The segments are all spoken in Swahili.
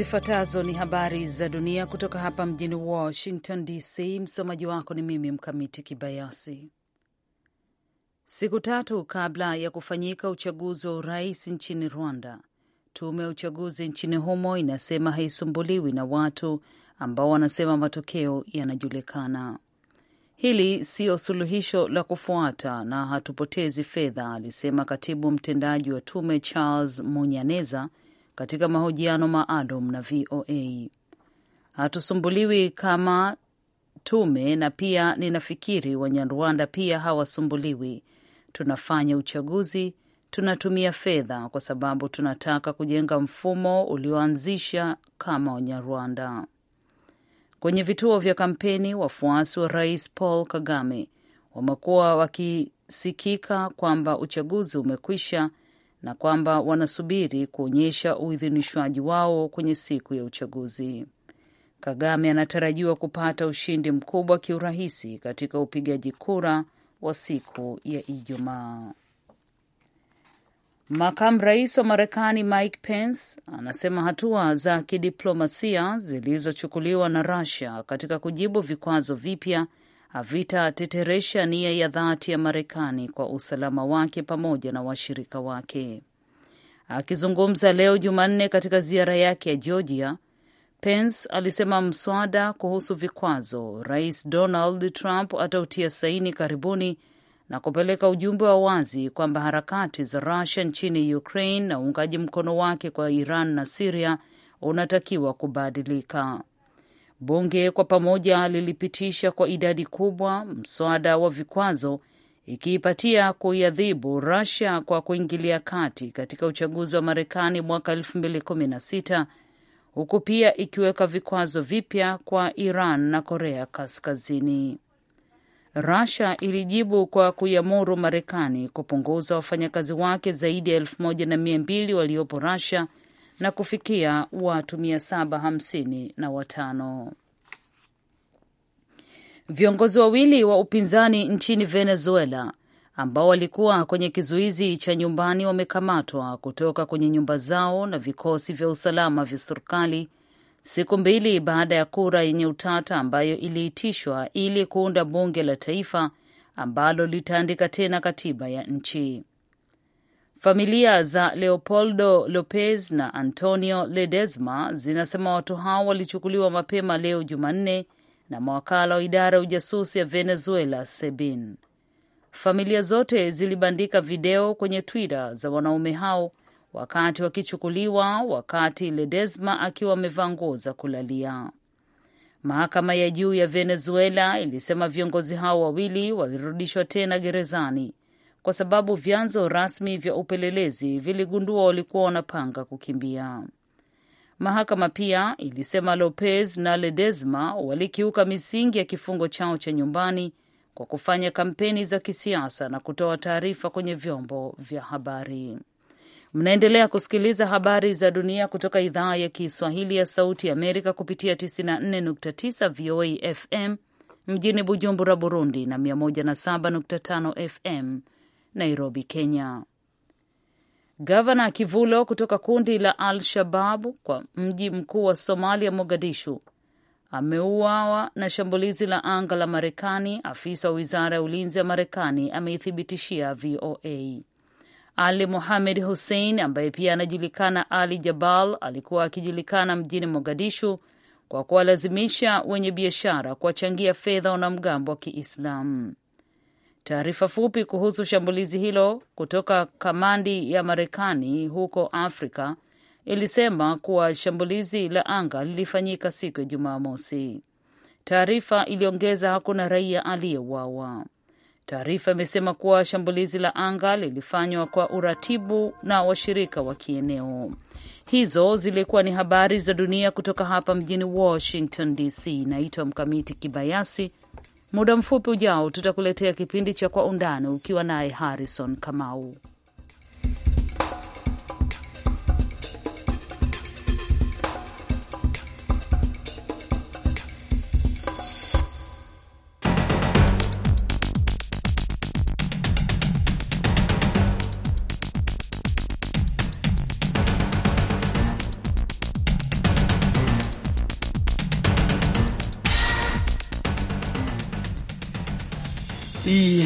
Zifuatazo ni habari za dunia kutoka hapa mjini Washington DC. Msomaji wako ni mimi Mkamiti Kibayasi. Siku tatu kabla ya kufanyika uchaguzi wa urais nchini Rwanda, tume ya uchaguzi nchini humo inasema haisumbuliwi na watu ambao wanasema matokeo yanajulikana. Hili siyo suluhisho la kufuata na hatupotezi fedha, alisema katibu mtendaji wa tume Charles Munyaneza katika mahojiano maalum na VOA. Hatusumbuliwi kama tume, na pia ninafikiri Wanyarwanda pia hawasumbuliwi. Tunafanya uchaguzi, tunatumia fedha kwa sababu tunataka kujenga mfumo ulioanzisha kama Wanyarwanda. Kwenye vituo vya kampeni, wafuasi wa rais Paul Kagame wamekuwa wakisikika kwamba uchaguzi umekwisha na kwamba wanasubiri kuonyesha uidhinishwaji wao kwenye siku ya uchaguzi. Kagame anatarajiwa kupata ushindi mkubwa kiurahisi katika upigaji kura wa siku ya Ijumaa. Makamu rais wa Marekani Mike Pence anasema hatua za kidiplomasia zilizochukuliwa na Russia katika kujibu vikwazo vipya havitateteresha nia ya dhati ya Marekani kwa usalama wake pamoja na washirika wake. Akizungumza leo Jumanne katika ziara yake ya Georgia, Pence alisema mswada kuhusu vikwazo Rais Donald Trump atautia saini karibuni na kupeleka ujumbe wa wazi kwamba harakati za Russia nchini Ukraine na uungaji mkono wake kwa Iran na Siria unatakiwa kubadilika. Bunge kwa pamoja lilipitisha kwa idadi kubwa mswada wa vikwazo ikiipatia kuiadhibu rasia kwa kuingilia kati katika uchaguzi wa Marekani mwaka 2016 huku pia ikiweka vikwazo vipya kwa Iran na Korea Kaskazini. Russia ilijibu kwa kuiamuru Marekani kupunguza wafanyakazi wake zaidi ya elfu moja waliopo rasia na kufikia watu mia saba hamsini na watano. Viongozi wawili wa upinzani nchini Venezuela ambao walikuwa kwenye kizuizi cha nyumbani wamekamatwa kutoka kwenye nyumba zao na vikosi vya usalama vya serikali siku mbili baada ya kura yenye utata ambayo iliitishwa ili kuunda bunge la taifa ambalo litaandika tena katiba ya nchi. Familia za Leopoldo Lopez na Antonio Ledesma zinasema watu hao walichukuliwa mapema leo Jumanne na mawakala wa idara ya ujasusi ya Venezuela, SEBIN. Familia zote zilibandika video kwenye Twitter za wanaume hao wakati wakichukuliwa, wakati Ledesma akiwa amevaa nguo za kulalia. Mahakama ya juu ya Venezuela ilisema viongozi hao wawili walirudishwa tena gerezani kwa sababu vyanzo rasmi vya upelelezi viligundua walikuwa wanapanga kukimbia. Mahakama pia ilisema Lopez na Ledesma walikiuka misingi ya kifungo chao cha nyumbani kwa kufanya kampeni za kisiasa na kutoa taarifa kwenye vyombo vya habari. Mnaendelea kusikiliza habari za dunia kutoka idhaa ya Kiswahili ya Sauti ya Amerika kupitia 94.9 VOA FM mjini Bujumbura, Burundi na 107.5 FM Nairobi, Kenya. Gavana Kivulo kutoka kundi la al shabab kwa mji mkuu wa Somalia, Mogadishu, ameuawa na shambulizi la anga la Marekani. Afisa wa wizara ya ulinzi ya Marekani ameithibitishia VOA. Ali muhamed Hussein, ambaye pia anajulikana Ali Jabal, alikuwa akijulikana mjini Mogadishu kwa kuwalazimisha wenye biashara kuwachangia fedha wanamgambo wa Kiislamu. Taarifa fupi kuhusu shambulizi hilo kutoka kamandi ya Marekani huko Afrika ilisema kuwa shambulizi la anga lilifanyika siku ya Jumamosi. Taarifa iliongeza hakuna raia aliyeuawa. Taarifa imesema kuwa shambulizi la anga lilifanywa kwa uratibu na washirika wa kieneo. Hizo zilikuwa ni habari za dunia kutoka hapa mjini Washington DC. Naitwa Mkamiti Kibayasi. Muda mfupi ujao tutakuletea kipindi cha Kwa Undani ukiwa naye Harrison Kamau.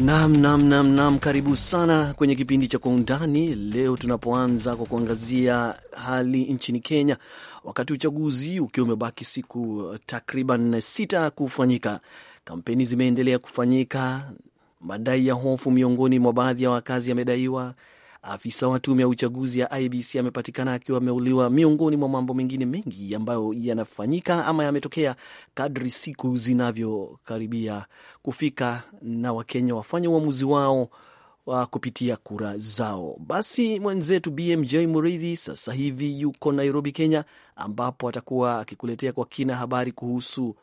Nam, nam, nam, nam, karibu sana kwenye kipindi cha Kwa Undani leo tunapoanza kwa kuangazia hali nchini Kenya wakati uchaguzi ukiwa umebaki siku uh, takriban sita kufanyika. Kampeni zimeendelea kufanyika, madai ya hofu miongoni mwa baadhi ya wakazi yamedaiwa Afisa wa tume ya uchaguzi ya IBC amepatikana akiwa ameuliwa, miongoni mwa mambo mengine mengi ambayo yanafanyika ama yametokea kadri siku zinavyokaribia kufika na Wakenya wafanye uamuzi wao wa kupitia kura zao. Basi mwenzetu BMJ Muridhi sasa hivi yuko Nairobi, Kenya, ambapo atakuwa akikuletea kwa kina habari kuhusu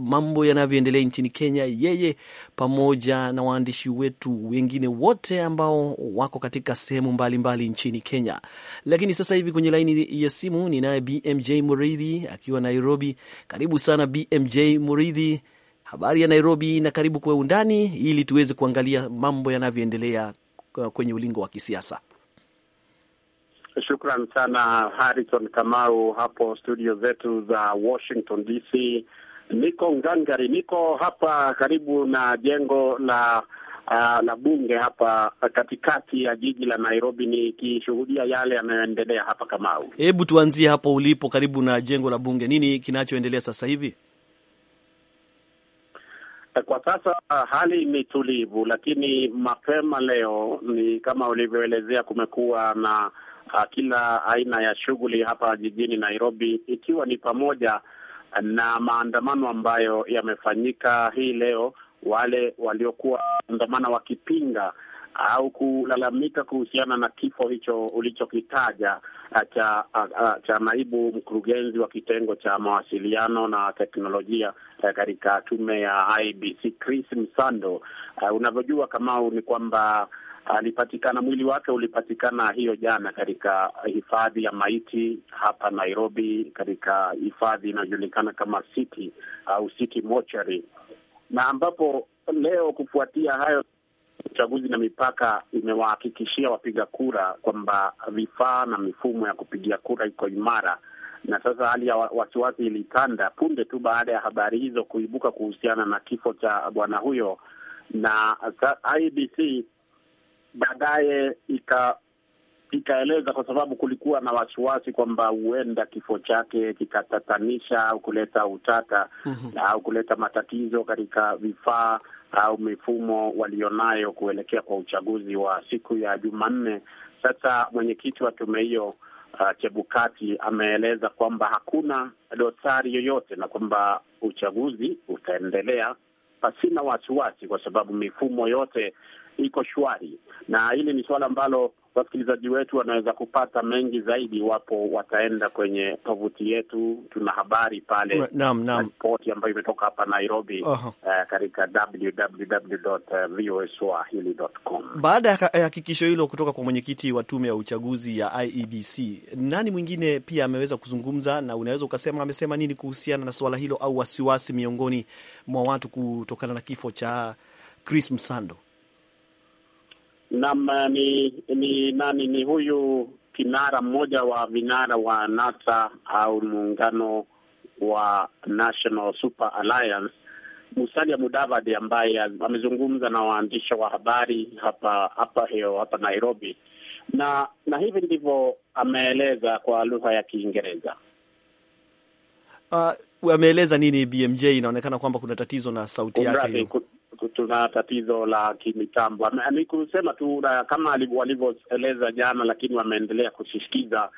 mambo yanavyoendelea nchini Kenya, yeye pamoja na waandishi wetu wengine wote ambao wako katika sehemu mbalimbali nchini Kenya. Lakini sasa hivi kwenye laini ya simu ninaye BMJ Muridhi akiwa Nairobi. Karibu sana BMJ Muridhi, habari ya Nairobi, na karibu kwa undani ili tuweze kuangalia mambo yanavyoendelea kwenye ulingo wa kisiasa. Shukran sana Harrison Kamau hapo studio zetu za Washington DC, Niko ngangari, niko hapa karibu na jengo la uh, la bunge hapa katikati ya jiji la Nairobi, nikishuhudia yale yanayoendelea hapa. Kamau, hebu tuanzie hapo ulipo karibu na jengo la bunge, nini kinachoendelea sasa hivi? Kwa sasa ah, hali ni tulivu, lakini mapema leo ni kama ulivyoelezea, kumekuwa na uh, kila aina ya shughuli hapa jijini Nairobi, ikiwa ni pamoja na maandamano ambayo yamefanyika hii leo, wale waliokuwa andamana wakipinga au kulalamika kuhusiana na kifo hicho ulichokitaja uh, cha uh, uh, cha naibu mkurugenzi wa kitengo cha mawasiliano na teknolojia katika tume ya IBC Chris Msando. Uh, unavyojua Kamau ni kwamba alipatikana mwili wake ulipatikana hiyo jana katika hifadhi ya maiti hapa Nairobi, katika hifadhi inayojulikana kama City au uh, City Mortuary, na ambapo leo kufuatia hayo uchaguzi na mipaka imewahakikishia wapiga kura kwamba vifaa na mifumo ya kupigia kura iko imara, na sasa hali ya wasiwasi ilitanda punde tu baada ya habari hizo kuibuka kuhusiana na kifo cha bwana huyo, na IBC baadaye ika ikaeleza kwa sababu kulikuwa na wasiwasi kwamba huenda kifo chake kikatatanisha au kuleta utata mhm. au kuleta matatizo katika vifaa au mifumo walionayo kuelekea kwa uchaguzi wa siku ya Jumanne. Sasa mwenyekiti wa tume hiyo Uh, Chebukati ameeleza kwamba hakuna dosari yoyote na kwamba uchaguzi utaendelea pasina wasiwasi, kwa sababu mifumo yote iko shwari, na hili ni suala ambalo wasikilizaji wetu wanaweza kupata mengi zaidi iwapo wataenda kwenye tovuti yetu. Tuna habari pale, ripoti ambayo imetoka hapa Nairobi uh -huh. Uh, katika www.voaswahili.com. Baada ya hakikisho hilo kutoka kwa mwenyekiti wa tume ya uchaguzi ya IEBC, nani mwingine pia ameweza kuzungumza, na unaweza ukasema amesema nini kuhusiana na suala hilo au wasiwasi miongoni mwa watu kutokana na kifo cha Chris Msando? Naam, eh, ni ni nani? Ni huyu kinara mmoja wa vinara wa NASA au muungano wa National Super Alliance Musalia Mudavadi ambaye amezungumza na waandishi wa habari hapa hapa hiyo hapa Nairobi, na na hivi ndivyo ameeleza kwa lugha ya Kiingereza. Uh, ameeleza nini BMJ? Inaonekana kwamba kuna tatizo na sauti yake tuna tatizo la kimitambo. Ni kusema tu kama walivyoeleza jana, lakini wameendelea kusisitiza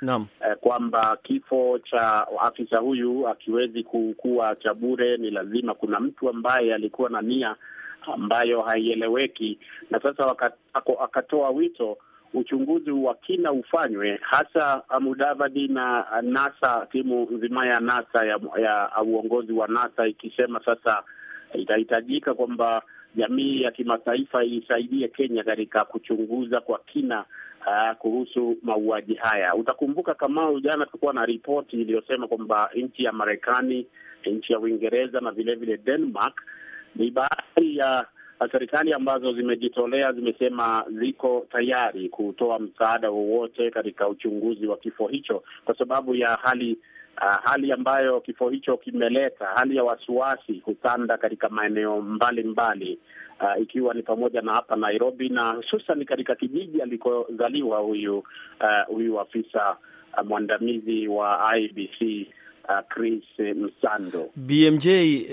eh, kwamba kifo cha afisa huyu akiwezi kuwa cha bure. Ni lazima kuna mtu ambaye alikuwa na nia ambayo haieleweki, na sasa akatoa wito uchunguzi wa kina ufanywe, hasa Mudavadi na NASA, timu nzima ya NASA ya, ya uongozi wa NASA ikisema sasa itahitajika kwamba jamii ya kimataifa isaidie Kenya katika kuchunguza kwa kina uh, kuhusu mauaji haya. Utakumbuka kama jana tulikuwa na ripoti iliyosema kwamba nchi ya Marekani, nchi ya Uingereza na vilevile Denmark ni baadhi ya serikali ambazo zimejitolea, zimesema ziko tayari kutoa msaada wowote katika uchunguzi wa kifo hicho, kwa sababu ya hali uh, hali ambayo kifo hicho kimeleta, hali ya wasiwasi kutanda katika maeneo mbalimbali uh, ikiwa ni pamoja na hapa Nairobi na hususan katika kijiji alikozaliwa huyu uh, huyu afisa uh, mwandamizi wa IBC Uh, Chris Msando BMJ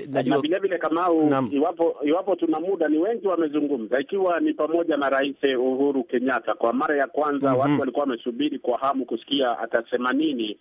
najua... vile vilevile Kamau, iwapo iwapo tuna muda, ni wengi wamezungumza, ikiwa ni pamoja na Rais Uhuru Kenyatta. Kwa mara ya kwanza mm -hmm. watu walikuwa wamesubiri kwa hamu kusikia atasema nini,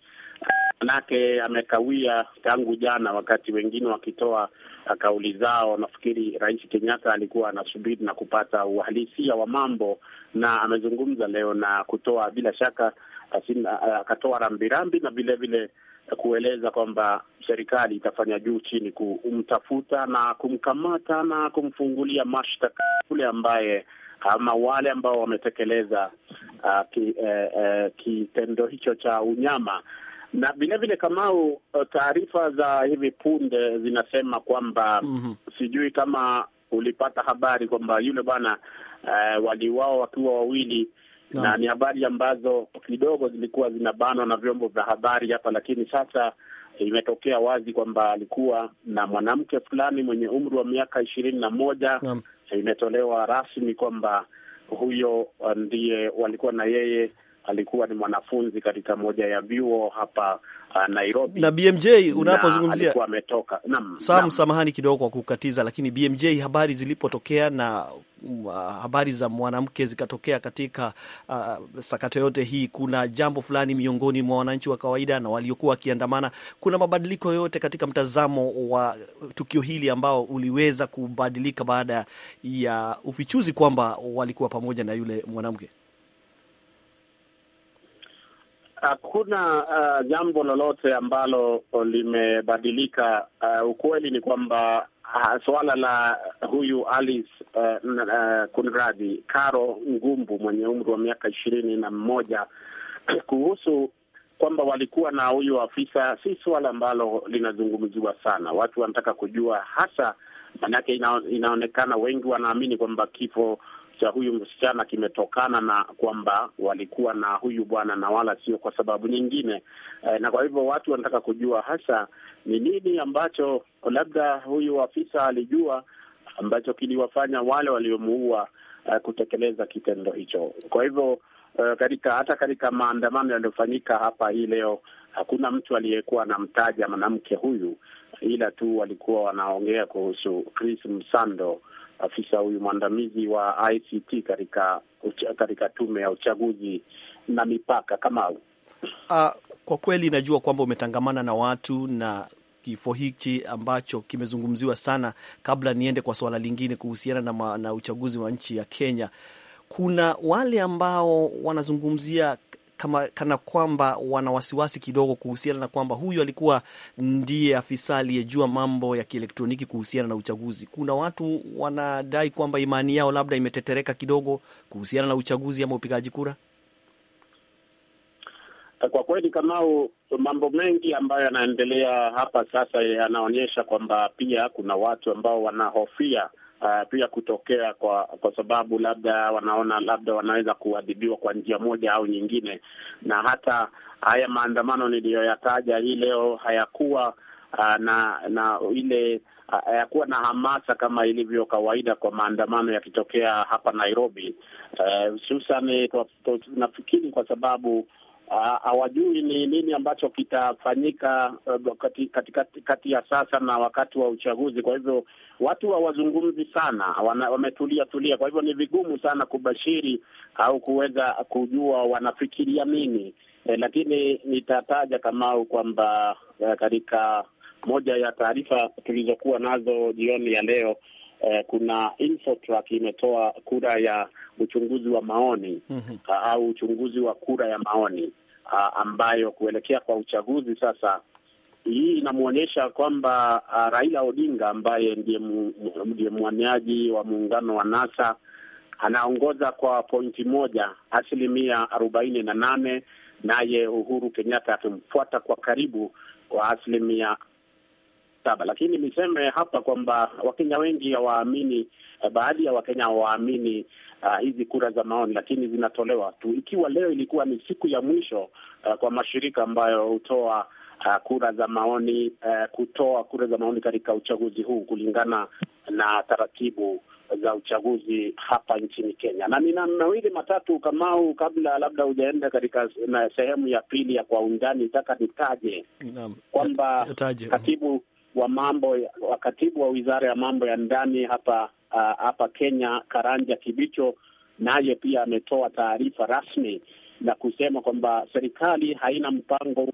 manake amekawia tangu jana, wakati wengine wakitoa uh, kauli zao. Nafikiri Rais Kenyatta alikuwa anasubiri na kupata uhalisia wa mambo, na amezungumza leo na kutoa bila shaka, uh, uh, akatoa rambirambi na vilevile kueleza kwamba serikali itafanya juu chini kumtafuta na kumkamata na kumfungulia mashtaka kule ambaye ama wale ambao wametekeleza uh, ki, eh, eh, kitendo hicho cha unyama na vilevile Kamau, eh, taarifa za hivi punde zinasema kwamba mm -hmm. sijui kama ulipata habari kwamba yule bwana uh, eh, waliwao wakiwa wawili no. na ni habari ambazo kidogo zilikuwa zinabanwa na vyombo vya habari hapa, lakini sasa imetokea wazi kwamba alikuwa na mwanamke fulani mwenye umri wa miaka ishirini na moja no. Imetolewa rasmi kwamba huyo eh, ndiye walikuwa na yeye alikuwa ni mwanafunzi katika moja ya vyuo hapa uh, Nairobi. Na BMJ unapozungumzia alikuwa ametoka naam, Sam, samahani kidogo kwa kukatiza, lakini BMJ habari zilipotokea na uh, habari za mwanamke zikatokea katika uh, sakata yote hii, kuna jambo fulani miongoni mwa wananchi wa kawaida na waliokuwa wakiandamana, kuna mabadiliko yote katika mtazamo wa tukio hili ambao uliweza kubadilika baada ya ufichuzi kwamba walikuwa pamoja na yule mwanamke? Hakuna uh, jambo lolote ambalo limebadilika. Uh, ukweli ni kwamba uh, suala la huyu Alice uh, uh, kunradi Karo Ngumbu mwenye umri wa miaka ishirini na mmoja kuhusu kwamba walikuwa na huyu afisa, si suala ambalo linazungumziwa sana. Watu wanataka kujua hasa, maanake ina, inaonekana wengi wanaamini kwamba kifo cha huyu msichana kimetokana na kwamba walikuwa na huyu bwana na wala sio kwa sababu nyingine. E, na kwa hivyo watu wanataka kujua hasa ni nini ambacho labda huyu afisa alijua ambacho kiliwafanya wale waliomuua uh, kutekeleza kitendo hicho. Kwa hivyo uh, katika hata katika maandamano yaliyofanyika hapa hii leo hakuna mtu aliyekuwa anamtaja mwanamke huyu, ila tu walikuwa wanaongea kuhusu Chris Msando afisa huyu mwandamizi wa ICT katika katika tume ya uchaguzi na mipaka kama uh, ah, kwa kweli najua kwamba umetangamana na watu na kifo hiki ambacho kimezungumziwa sana. Kabla niende kwa suala lingine kuhusiana na, ma, na uchaguzi wa nchi ya Kenya, kuna wale ambao wanazungumzia kama, kana kwamba wana wasiwasi kidogo kuhusiana na kwamba huyu alikuwa ndiye afisa aliyejua mambo ya kielektroniki kuhusiana na uchaguzi. Kuna watu wanadai kwamba imani yao labda imetetereka kidogo kuhusiana na uchaguzi ama upigaji kura. Kwa kweli, Kamau, mambo mengi ambayo yanaendelea hapa sasa yanaonyesha kwamba pia kuna watu ambao wanahofia uh, pia kutokea kwa kwa sababu labda wanaona labda wanaweza kuadhibiwa kwa njia moja au nyingine, na hata haya maandamano niliyoyataja hii leo hayakuwa uh, na na ile uh, hayakuwa na hamasa kama ilivyo kawaida kwa maandamano yakitokea hapa Nairobi, uh, hususan uh, nafikiri kwa sababu hawajui ni nini ambacho kitafanyika uh, katikati kati, kati, kati ya sasa na wakati wa uchaguzi. Kwa hivyo watu hawazungumzi sana, wametulia tulia. Kwa hivyo ni vigumu sana kubashiri au kuweza kujua wanafikiria nini. eh, lakini nitataja Kamau kwamba eh, katika moja ya taarifa tulizokuwa nazo jioni ya leo eh, kuna Infotrack imetoa kura ya uchunguzi wa maoni mm -hmm. au uchunguzi wa kura ya maoni a, ah, ambayo kuelekea kwa uchaguzi sasa hii inamwonyesha kwamba uh, Raila Odinga ambaye ndiye ndiye mwaniaji wa muungano wa NASA anaongoza kwa pointi moja, asilimia arobaini na nane, naye Uhuru Kenyatta akimfuata kwa karibu kwa asilimia saba. Lakini niseme hapa kwamba Wakenya wengi hawaamini, eh, baadhi ya Wakenya hawaamini uh, hizi kura za maoni, lakini zinatolewa tu. Ikiwa leo ilikuwa ni siku ya mwisho uh, kwa mashirika ambayo hutoa Uh, kura za maoni uh, kutoa kura za maoni katika uchaguzi huu kulingana na taratibu za uchaguzi hapa nchini Kenya. Na nina mawili matatu Kamau, kabla labda hujaenda katika sehemu ya pili ya kwa undani, nataka nitaje kwamba katibu wa mambo wa katibu wa wizara ya mambo ya ndani hapa uh, hapa Kenya Karanja Kibicho naye pia ametoa taarifa rasmi na kusema kwamba serikali haina mpango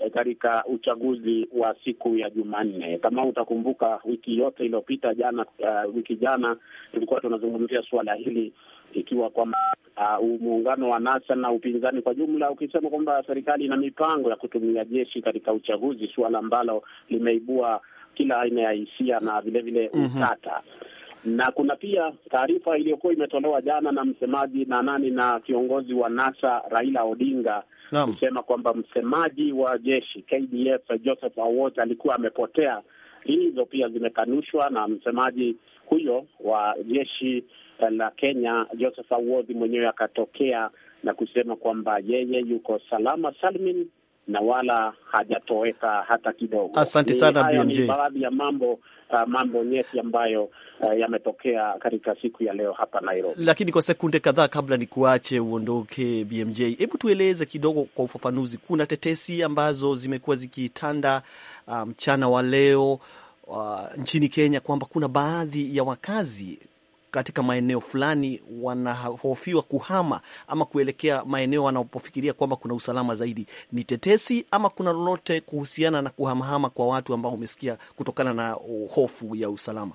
e, katika uchaguzi wa siku ya Jumanne. Kama utakumbuka, wiki yote iliyopita jana, uh, wiki jana tulikuwa tunazungumzia suala hili ikiwa kwamba uh, muungano wa NASA na upinzani kwa jumla ukisema kwamba serikali ina mipango ya kutumia jeshi katika uchaguzi, suala ambalo limeibua kila aina ya hisia na vilevile mhm. utata mm -hmm na kuna pia taarifa iliyokuwa imetolewa jana na msemaji na nani na kiongozi wa NASA Raila Odinga kusema kwamba msemaji wa jeshi KDF Joseph Awot alikuwa amepotea. Hizo pia zimekanushwa na msemaji huyo wa jeshi la Kenya Joseph Awodhi mwenyewe akatokea na kusema kwamba yeye yuko salama salmin na wala hajatoweka hata kidogo. Asante sana BMJ. baadhi ya mambo uh, mambo nyeti ambayo uh, yametokea katika siku ya leo hapa Nairobi. Lakini kwa sekunde kadhaa kabla ni kuache uondoke BMJ, hebu tueleze kidogo kwa ufafanuzi, kuna tetesi ambazo zimekuwa zikitanda uh, mchana um, wa leo uh, nchini Kenya kwamba kuna baadhi ya wakazi katika maeneo fulani wanahofiwa kuhama ama kuelekea maeneo wanapofikiria kwamba kuna usalama zaidi. Ni tetesi ama kuna lolote kuhusiana na kuhamahama kwa watu ambao umesikia kutokana na hofu ya usalama?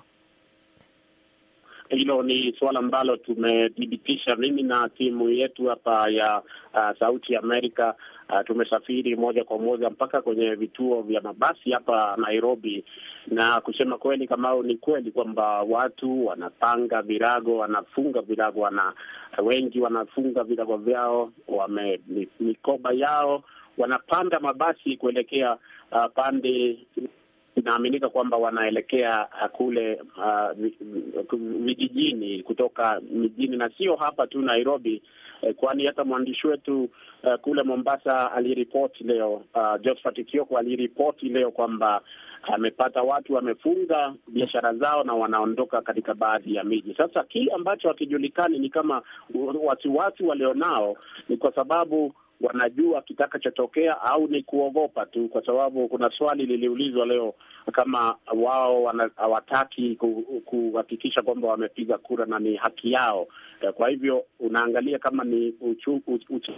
hilo ni suala ambalo tumethibitisha mimi na timu yetu hapa ya uh, Sauti ya Amerika. Uh, tumesafiri moja kwa moja mpaka kwenye vituo vya mabasi hapa Nairobi, na kusema kweli, kama ni kweli kwamba watu wanapanga virago, wanafunga virago, wana wengi wanafunga virago vyao, wame mikoba yao, wanapanda mabasi kuelekea uh, pande inaaminika kwamba wanaelekea uh, kule uh, vijijini, uh, kutoka mijini na sio hapa tu Nairobi, eh, kwani hata mwandishi wetu uh, kule Mombasa aliripoti leo uh, Josephat Kioko aliripoti leo kwamba amepata watu wamefunga biashara zao na wanaondoka katika baadhi ya miji. Sasa kile ambacho hakijulikani ni kama wasiwasi walionao ni kwa sababu wanajua kitakachotokea au ni kuogopa tu? Kwa sababu kuna swali liliulizwa leo kama wao hawataki kuhakikisha kwamba wamepiga kura na ni haki yao. Eh, kwa hivyo unaangalia kama ni uchu, uchu, uchu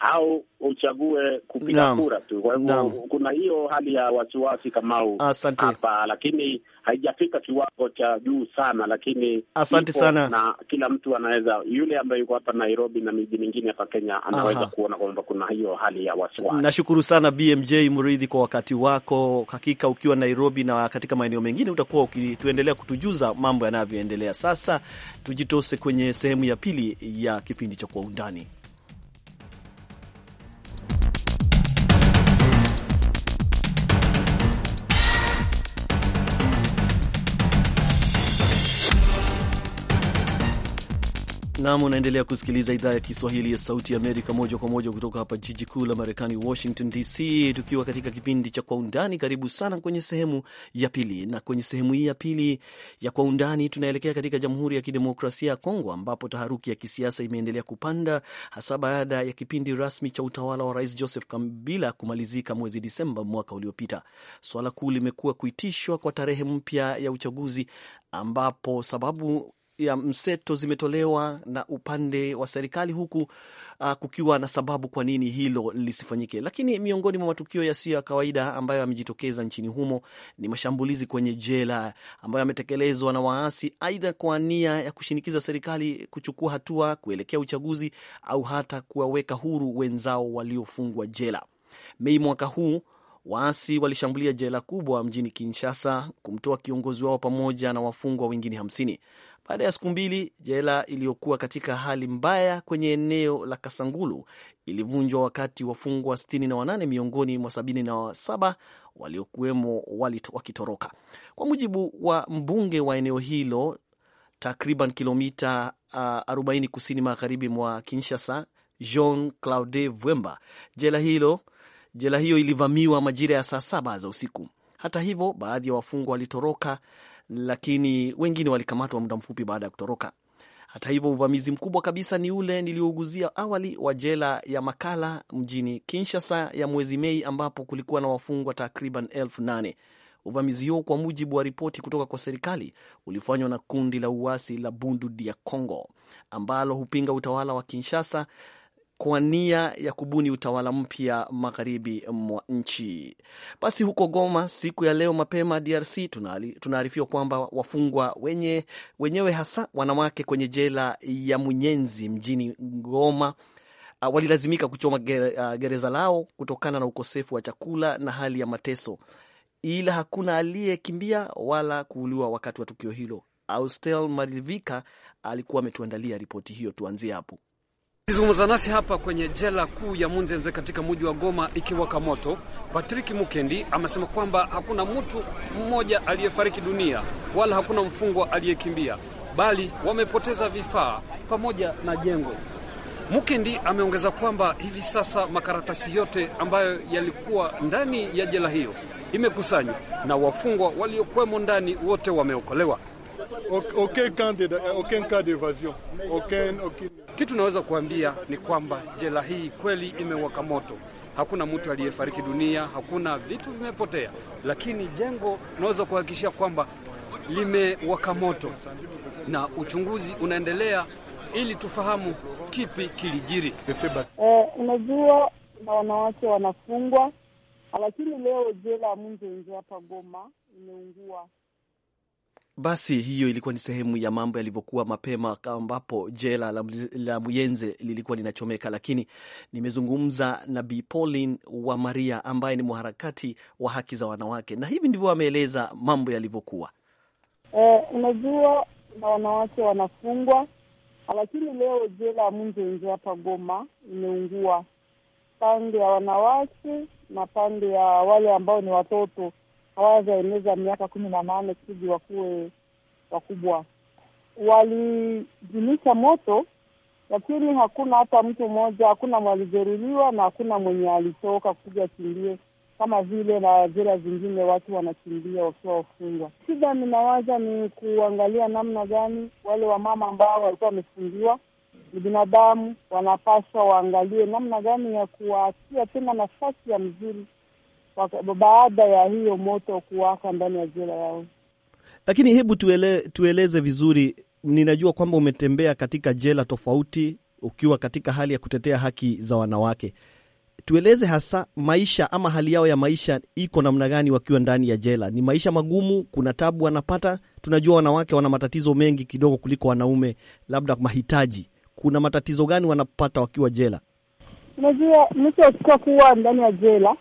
au uchague kupiga kura tu. Kwa hivyo kuna hiyo hali ya wasiwasi Kamau hapa, lakini haijafika kiwango cha juu sana, lakini asante sana, na kila mtu anaweza, yule ambaye yuko hapa Nairobi na miji mingine hapa Kenya anaweza Aha. kuona kwamba kuna hiyo hali ya wasiwasi. Nashukuru sana BMJ Mridhi kwa wakati wako. Hakika ukiwa Nairobi na katika maeneo mengine utakuwa ukituendelea kutujuza mambo yanavyoendelea. Sasa tujitose kwenye sehemu ya pili ya kipindi cha Kwa Undani. Nam, unaendelea kusikiliza idhaa ya Kiswahili ya Sauti ya Amerika moja kwa moja kutoka hapa jiji kuu la Marekani, Washington DC, tukiwa katika kipindi cha Kwa Undani. Karibu sana kwenye sehemu ya pili, na kwenye sehemu hii ya pili ya Kwa Undani tunaelekea katika Jamhuri ya Kidemokrasia ya Kongo, ambapo taharuki ya kisiasa imeendelea kupanda, hasa baada ya kipindi rasmi cha utawala wa Rais Joseph Kabila kumalizika mwezi Disemba mwaka uliopita. Swala kuu limekuwa kuitishwa kwa tarehe mpya ya uchaguzi ambapo sababu ya mseto zimetolewa na upande wa serikali, huku uh, kukiwa na sababu kwa nini hilo lisifanyike. Lakini miongoni mwa matukio yasiyo ya kawaida ambayo yamejitokeza nchini humo ni mashambulizi kwenye jela ambayo yametekelezwa na waasi, aidha kwa nia ya kushinikiza serikali kuchukua hatua kuelekea uchaguzi au hata kuwaweka huru wenzao waliofungwa jela. Mei mwaka huu waasi walishambulia jela kubwa mjini Kinshasa kumtoa kiongozi wao pamoja na wafungwa wengine hamsini baada ya siku mbili, jela iliyokuwa katika hali mbaya kwenye eneo la Kasangulu ilivunjwa wakati wafungwa 68 miongoni mwa 77 waliokuwemo wakitoroka, kwa mujibu wa mbunge wa eneo hilo. Takriban kilomita uh, 40 kusini magharibi mwa Kinshasa, Jean Claude Vwemba, jela hilo jela hiyo ilivamiwa majira ya saa saba za usiku. Hata hivyo, baadhi ya wafungwa walitoroka lakini wengine walikamatwa muda mfupi baada ya kutoroka. Hata hivyo, uvamizi mkubwa kabisa ni ule niliouguzia awali wa jela ya Makala mjini Kinshasa ya mwezi Mei, ambapo kulikuwa na wafungwa takriban elfu nane. Uvamizi huo kwa mujibu wa ripoti kutoka kwa serikali ulifanywa na kundi la uasi la Bundu dia Congo ambalo hupinga utawala wa Kinshasa kwa nia ya kubuni utawala mpya magharibi mwa nchi. Basi huko Goma siku ya leo mapema DRC tunaarifiwa kwamba wafungwa wenye, wenyewe hasa wanawake kwenye jela ya Munyenzi mjini Goma uh, walilazimika kuchoma ah, gereza lao kutokana na ukosefu wa chakula na hali ya mateso, ila hakuna aliyekimbia wala kuuliwa wakati wa tukio hilo. Austel Marivika alikuwa ametuandalia ripoti hiyo, tuanzie hapo. Akizungumza nasi hapa kwenye jela kuu ya Munzenze katika mji wa Goma ikiwaka moto, Patrick Mukendi amesema kwamba hakuna mtu mmoja aliyefariki dunia wala hakuna mfungwa aliyekimbia, bali wamepoteza vifaa pamoja na jengo. Mukendi ameongeza kwamba hivi sasa makaratasi yote ambayo yalikuwa ndani ya jela hiyo imekusanywa na wafungwa waliokuwemo ndani wote wameokolewa aucun camp de, aucun cas d'évasion aucun, aucun. Kitu naweza kuambia ni kwamba jela hii kweli imewaka moto. Hakuna mtu aliyefariki dunia, hakuna vitu vimepotea, lakini jengo naweza kuhakikishia kwamba limewaka moto na uchunguzi unaendelea ili tufahamu kipi kilijiri. Eh, unajua na wanawake wanafungwa, lakini leo jela ya Munzenze hapa Goma imeungua. Basi hiyo ilikuwa ni sehemu ya mambo yalivyokuwa mapema, ambapo jela la, la Muyenze lilikuwa linachomeka, lakini nimezungumza na Bi Pauline wa Maria ambaye ni mharakati wa haki za wanawake, na hivi ndivyo wameeleza mambo yalivyokuwa. Eh, unajua na wanawake wanafungwa, lakini leo jela ya Munzenze hapa Goma imeungua, pande ya wanawake na pande ya wale ambao ni watoto hawajaeleza miaka kumi na nane kuji wakuwe wakubwa. Walizimisha moto, lakini hakuna hata mtu mmoja, hakuna mwalijeruhiwa na hakuna mwenye alitoka kuja kimbie kama vile na jela zingine watu wanakimbia wakiwa wafungwa. Shida ninawaza ni kuangalia namna gani wale wamama ambao walikuwa wamefungiwa ni binadamu, wanapaswa waangalie namna gani ya kuwaachia tena nafasi ya mzuri baada ya hiyo moto kuwaka ndani ya jela yao. Lakini hebu tuele, tueleze vizuri. Ninajua kwamba umetembea katika jela tofauti ukiwa katika hali ya kutetea haki za wanawake. Tueleze hasa maisha ama hali yao ya maisha iko namna gani wakiwa ndani ya jela? Ni maisha magumu? Kuna tabu wanapata? Tunajua wanawake wana matatizo mengi kidogo kuliko wanaume, labda mahitaji. Kuna matatizo gani wanapata wakiwa jela? Unajua, mtu akikuwa kuwa ndani ya jela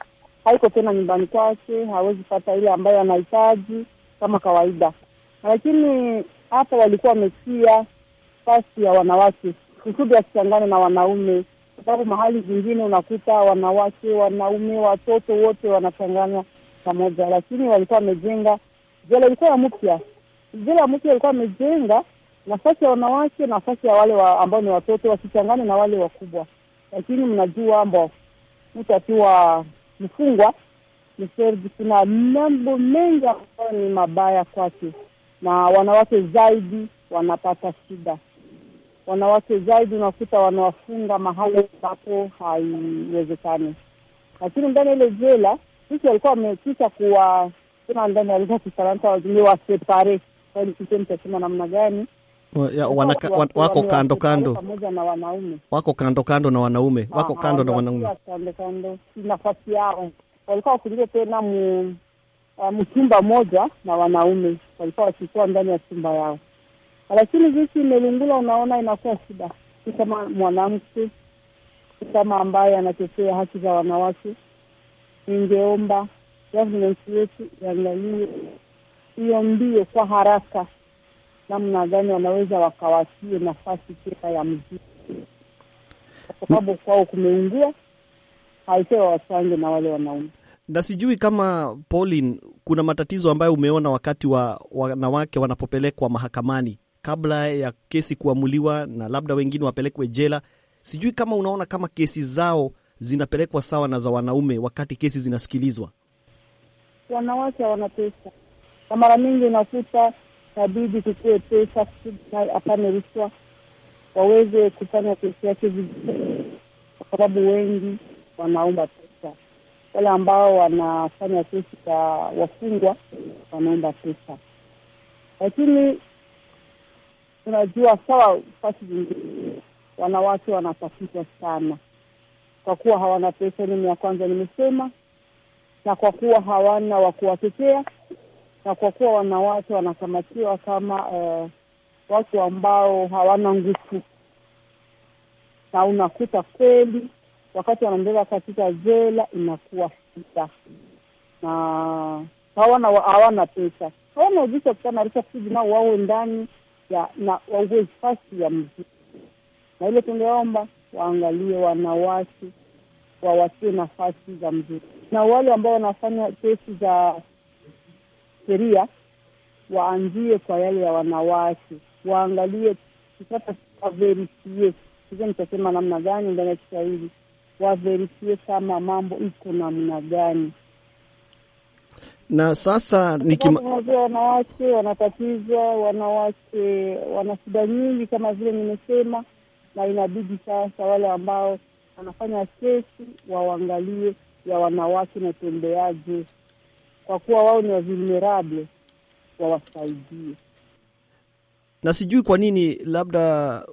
haiko tena nyumbani kwake, hawezi pata ile ambayo anahitaji kama kawaida. Lakini hapa walikuwa wametia fasi ya wanawake kusudi asichangane na wanaume, sababu mahali zingine unakuta wanawake, wanaume, watoto wote wanachangana pamoja, lakini walikuwa wamejenga jela, ilikuwa ya mpya. Jela ya mpya ilikuwa wamejenga nafasi ya wanawake, nafasi ya wale wa, ambao ni watoto, wasichangane na wale wakubwa. Lakini mnajua mbo mtu akiwa mfungwa ni kuna mambo mengi ambayo ni mabaya kwake, na wanawake zaidi wanapata shida. Wanawake zaidi unakuta wanawafunga mahali ambapo haiwezekani, lakini ndani ile jela sisi walikuwa wamekisha kuwa sema ndani ya lugha ya Kifaransa wasepare, kwani namna gani ya, wanaka, wako kando kando pamoja na wanaume wako kando kando na wanaume ah, wako kando na wanaume kando kando nafasi yao walikuwa wakiingia tena mu ah, mchumba moja na wanaume walikuwa wakikuwa ndani ya chumba yao, lakini jinsi imelungula, unaona inakuwa shida. Si kama mwanamke, si kama ambaye anatetea haki za wanawake. Ningeomba gavumenti yetu iangalie hiyo mbio kwa haraka namna gani wanaweza wakawasie nafasi tena ya mziki, kwa sababu kwao kumeungua haitewa wasange na wale wanaume. Na sijui kama Pauline, kuna matatizo ambayo umeona wakati wa wanawake wanapopelekwa mahakamani kabla ya kesi kuamuliwa, na labda wengine wapelekwe jela. Sijui kama unaona kama kesi zao zinapelekwa sawa na za wanaume wakati kesi zinasikilizwa. Wanawake hawana pesa na mara nyingi unakuta itabidi tukue pesa apane rushwa waweze kufanya kesi yake vizuri, kwa sababu wengi wanaomba pesa. Wale ambao wanafanya kesi za wafungwa wanaomba pesa, lakini tunajua sawa, fasi zingine wanawake wanatafutwa sana kwa kuwa hawana pesa. Elimu ya kwanza nimesema, na kwa kuwa hawana wa kuwatetea na kwa kuwa wanawake wanakamatiwa kama eh, watu ambao hawana nguvu, na unakuta kweli wakati wanaendelea katika jela inakuwa shida, na hawana hawana pesa, hawana ujuzi wa kutanarisha kusudi nao wawe ndani ya na wauwe fasi ya mzuri na ile tungeomba waangalie wanawake wawatie nafasi za mzuri na wale ambao wanafanya kesi za sheria waanzie kwa yale ya wanawake, waangalie sasa, waverifie. Sasa nitasema namna gani ndani ya Kiswahili, waverifie kama mambo iko namna gani. Na sasa nikima... wanawake wanatatizwa, wanawake wana shida nyingi kama vile nimesema, na inabidi sasa wale ambao wanafanya kesi waangalie ya wanawake natembeaje kwa kuwa wao ni vulnerable, wawasaidie. Na sijui kwa nini, labda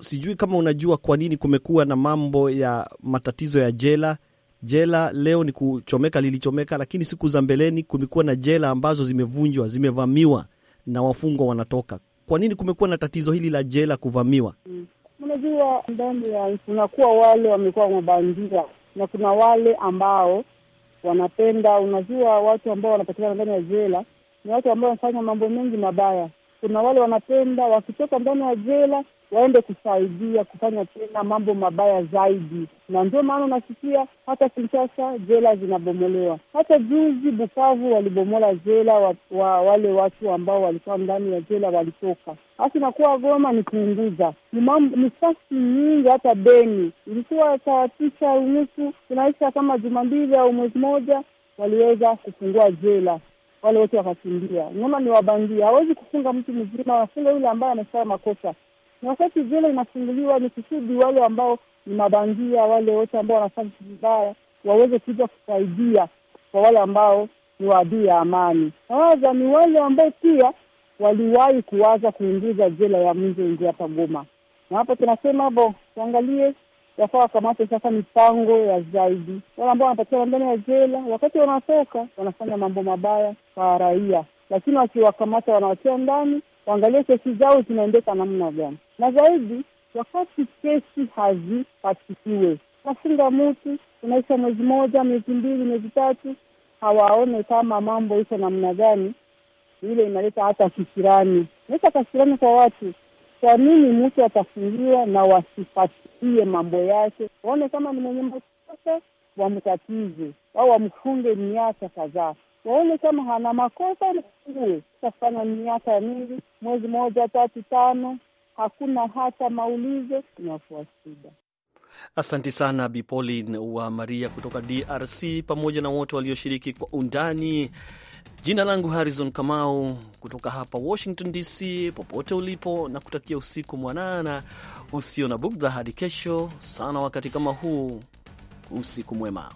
sijui kama unajua kwa nini kumekuwa na mambo ya matatizo ya jela jela leo ni kuchomeka lilichomeka, lakini siku za mbeleni kumekuwa na jela ambazo zimevunjwa, zimevamiwa na wafungwa wanatoka. Kwa nini kumekuwa na tatizo hili la jela kuvamiwa? Mm. Unajua, ndani ya nakuwa wale wamekuwa mabandia na kuna wale ambao wanapenda. Unajua, watu ambao wanapatikana ndani ya jela ni watu ambao wanafanya mambo mengi mabaya. Kuna wale wanapenda wakitoka ndani ya jela waende kusaidia kufanya tena mambo mabaya zaidi, na ndio maana unasikia hata Kinshasa jela zinabomolewa. Hata juzi Bukavu walibomola jela wa, wa, wale watu ambao walikuwa ndani ya jela walitoka. Hasa inakuwa Goma ni kuunguza misasi nyingi. Hata Beni ilikuwa saa tisa unusu tunaisha kama juma mbili au mwezi moja, waliweza kufungua jela wale wote wakakimbia. Nyuma ni wabandia, hawezi kufunga mtu mzima, wanafunga yule ambaye amefanya makosa wakati jela inafunguliwa ni kusudi wale ambao ni mabandia, wale wote ambao wanafanya vibaya waweze kuja kusaidia kwa wale ambao ni waadui ya amani. Aza ni wale ambao pia waliwahi kuwaza kuingiza jela ya Minzenji hapa Goma, na hapo tunasema bo, tuangalie yafaa wakamate sasa mipango ya zaidi wale ambao wanapatikana ndani ya jela, wakati wanatoka wanafanya mambo mabaya kwa raia, lakini wakiwakamata wanawatia ndani kuangalia kesi zao zinaendeka namna gani, na zaidi wakati kesi hazipatikiwe nafunga mtu unaisha mwezi moja, miezi mbili, miezi tatu, hawaone kama mambo iko namna gani. Ile inaleta hata kisirani, inaleta kasirani kwa watu. Kwa nini mtu atafungiwa na wasipatie mambo yake? Waone kama ni mwenye makosa, wamtatize au wamfunge miaka kadhaa waone yaani kama hana makosa nafungue. Tafanya miaka mingi, mwezi moja, tatu, tano, hakuna hata maulizo, inakuwa shida. Asanti sana Bipolin wa Maria kutoka DRC pamoja na wote walioshiriki kwa undani. Jina langu Harrison Kamau kutoka hapa Washington DC, popote ulipo na kutakia usiku mwanana usio na bugdha. Hadi kesho sana wakati kama huu, usiku mwema.